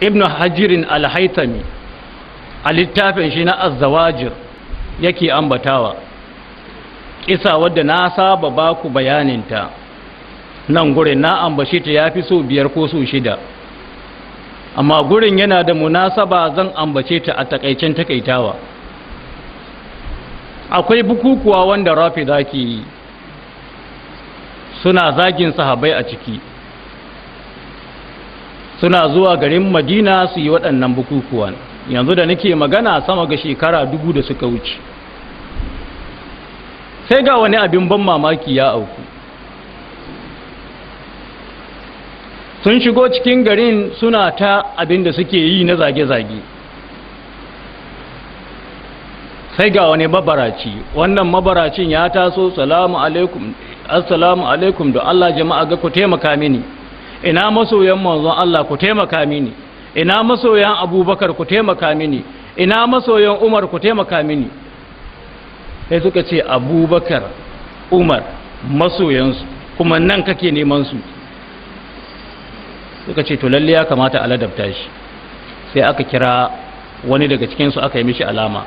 Ibnu hajirin alhaitami a littafin shi na azzawajir yake ambatawa kisa wadda na saba baku bayaninta nan gurin na ambashi ta ya fi so biyar ko so shida amma gurin yana da munasaba zan ambace ta a takaicen takaitawa akwai bukukuwa wanda rafi zaki yi suna zagin sahabai a ciki suna zuwa garin madina su yi waɗannan bukukuwan yanzu da nake magana sama ga shekara dubu da suka wuce sai ga wani abin ban mamaki ya auku sun shigo cikin garin suna ta abin da suke yi na zage-zage sai ga wani mabaraci wannan mabaracin ya taso salamu alaikum da Allah jama'a ga ku taimaka mini ina masoyan manzon Allah ku taimaka mini ina masoyan abubakar ku taimaka mini ina masoyan umar ku taimaka mini sai suka ce abubakar umar masoyansu kuma nan kake neman su suka ce to lalle ya kamata a ladabta shi sai aka kira wani daga cikinsu aka yi mishi alama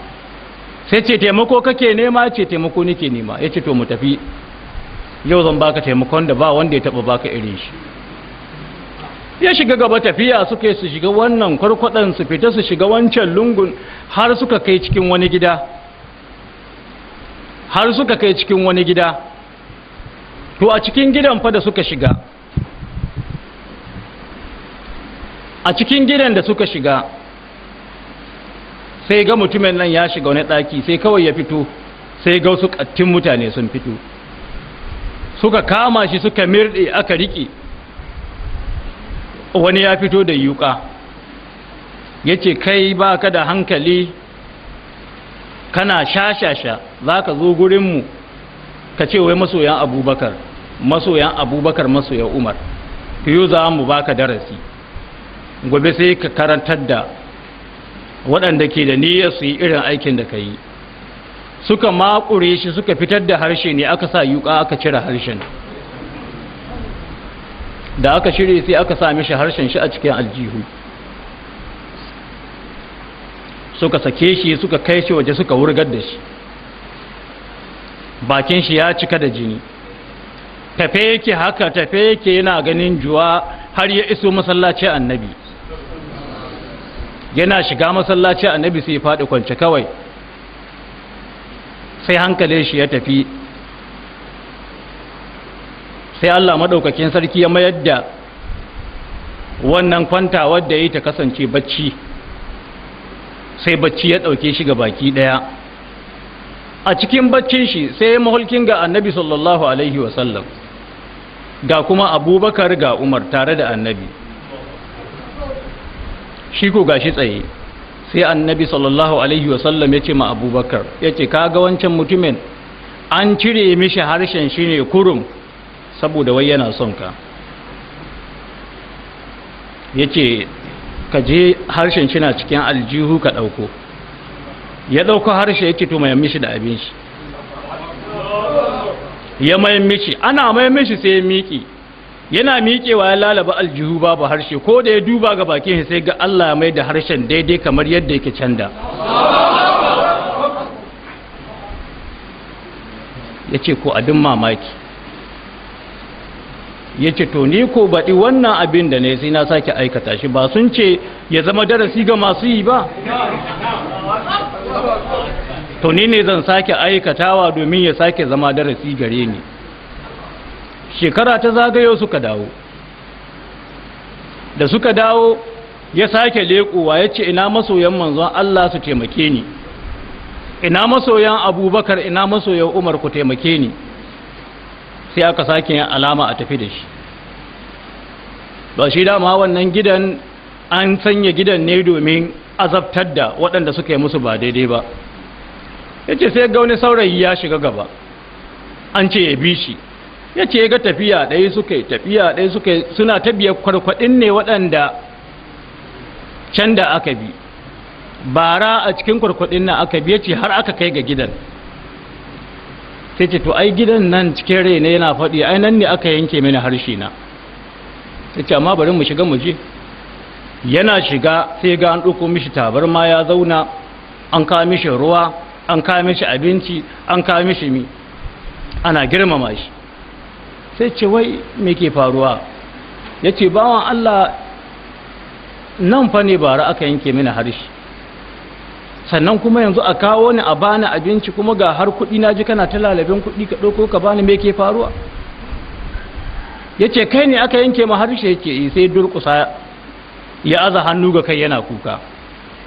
sai ce taimako kake nema ce taimako nake nema ya ce to mu tafi yau zan baka taimakon da ba wanda ya taba baka irin shi ya shiga gaba tafiya suka su shiga wannan kwarkwadan su fita su shiga wancan lungun har suka kai cikin wani gida har suka kai cikin wani gida to a cikin gidan fa da suka shiga a cikin gidan da suka shiga sai ga mutumin nan ya shiga wani daki sai kawai ya fito sai ga su ƙattin mutane sun fito suka kama shi suka mirɗe aka riƙe wani ya fito da yuka ya ce kai ba ka da hankali kana shashasha za ka zo gurinmu ka ce wai masoyan abubakar masoyan abubakar masoyan umar yau za mu baka darasi gobe sai ka karantar da waɗanda ke da niyyar su yi irin aikin da ka yi suka maƙure shi suka fitar da harshe ne aka sa yuka aka cire harshen da aka shirya sai aka sami shi harshen shi a cikin aljihu suka sake shi suka kai shi waje suka wurgar da shi bakin shi ya cika da jini tafe yake haka tafe yake yana ganin juwa har ya iso masallaci annabi yana shiga masallaci annabi sai ya faɗi kwance kawai sai hankalin shi ya tafi sai Allah maɗaukakin sarki ya mayar da wannan kwanta wadda ya ta kasance bacci sai bacci ya ɗauke shi ga baki ɗaya a cikin baccin shi sai mahulkin ga annabi sallallahu alaihi wasallam ga kuma abubakar ga umar tare da annabi shi ko gashi tsaye sai annabi sallallahu alaihi wasallam ya ce ma abubakar ya ce ga wancan mutumin an cire mishi harshen shi ne kurum saboda wai yana son ka ya ce ka je harshen shi na cikin aljihu ka ɗauko ya ɗauko harshe ya ce to mayan mishi da abin shi ya mayan mishi ana mayan mishi sai ya miƙi yana miƙewa ya lalaba aljihu babu harshe ko da ya duba ga bakin sai ga Allah ya mai da harshen daidai kamar yadda yake canda ya ce ko abin mamaki ya ce to ni ko baɗi wannan abin da ne sai na sake aikata shi ba sun ce ya zama darasi ga masu yi ba to ni ne zan sake aikatawa domin ya sake zama darasi gare ni shekara ta zagayo suka dawo da suka dawo ya sake leƙowa ya ce ina masoyan manzon Allah su taimake ni ina masoyan abubakar ina masoyan umar ku taimake ni sai aka sake yin alama a tafi da shi Ba shi dama wannan gidan an sanya gidan ne domin azabtar da waɗanda suka yi musu ba daidai ba ya ce sai ga saurayi ya shiga gaba an ce ya bi shi ya ce ga tafiya ɗaya suka yi tafiya ɗaya suka yi suna tabiya kwarkwaɗin ne waɗanda can da aka bi bara a cikin kwarkwaɗin na aka bi ya ce har aka kai ga gidan sai ce to ai gidan nan cikin rai ne yana faɗi ai nan ne aka yanke mini harshe na ta ce amma bari mu shiga mu je yana shiga sai ga an ɗauko mishi tabarma ya zauna an kawo mishi ruwa an kawo mishi abinci an kawo mishi mi ana girmama shi sai ce wai me ke faruwa ya ce bawan Allah nan fa ne bara aka yanke mini harshe sannan kuma yanzu a kawo ni a bani abinci kuma ga har kuɗi na ji kana ta lalabin kuɗi ka ɗauko ka bani me ke faruwa ya ce kai ne aka yanke ma harshe yake yi eh, sai durkusa ya aza hannu ga kai yana kuka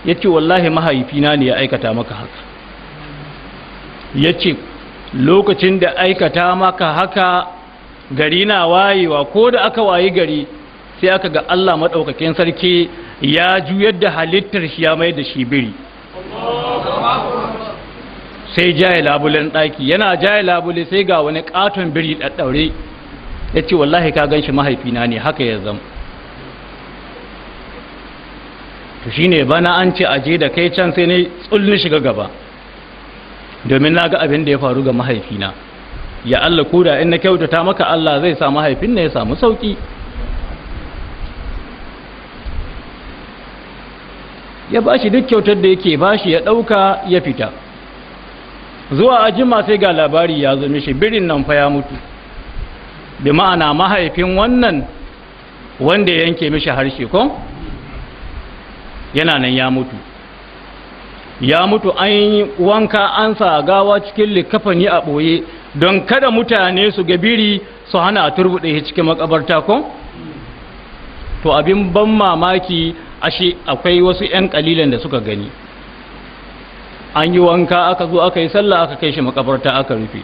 ya ce wallahi mahaifina ne ya aikata maka haka ya ce lokacin da aikata maka haka gari na wayewa ko da aka wayi gari sai aka ga Allah maɗaukakin sarki ya juyar da halittar shi ya mai da shi biri sai jaye labulen ɗaki yana jaye labule sai ga wani ƙaton biri ɗaɗɗaure ya ce wallahi ka gan shi mahaifina ne haka ya zama to shi ne bana an ce aje da kai can sai ne tsulli shiga gaba domin na ga abin da ya faru ga mahaifina ya Allah koda in na kyautata maka Allah zai sa mahaifin na ya samu sauki ya bashi duk kyautar da yake bashi ya ɗauka ya fita zuwa ajima sai ga labari ya zo mishi birin nan fa ya mutu bi ma'ana mahaifin wannan wanda ya yanke mishi harshe ko yana nan ya mutu ya mutu an yi wanka an sa gawa cikin likafani a ɓoye don kada mutane su gabiri su hana a turbuɗe cikin makabarta ko to abin ban mamaki ashe akwai wasu 'yan kalilan da suka gani an yi wanka aka zo aka yi sallah aka kai shi makabarta aka rufe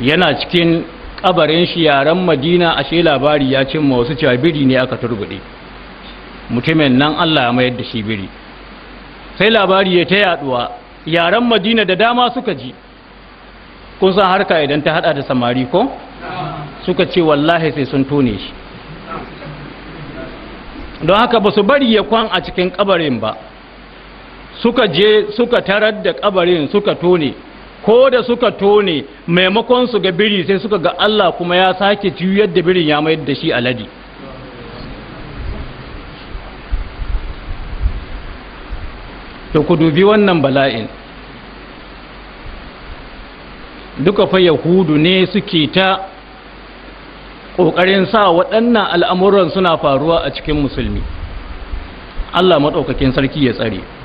yana cikin kabarin shi yaren madina a ashe labari ya cimma wasu cewa biri ne aka turbuɗe mutumin nan allah ya mayar da shi biri sai labari ya ta yaduwa yaren madina da dama suka ji kun san harka idan ta hada da samari ko suka ce wallahi sai sun tone shi don haka ba su bari ya kwan a cikin kabarin ba suka je suka tarar da kabarin suka tone ko da suka tone maimakon su ga biri sai suka ga Allah kuma ya sake juyar da birin ya mayar da shi alade to ku dubi wannan bala'in duka fa yahudu ne suke ta ƙoƙarin sa waɗannan al'amuran suna faruwa a cikin musulmi Allah maɗaukakin sarki ya tsare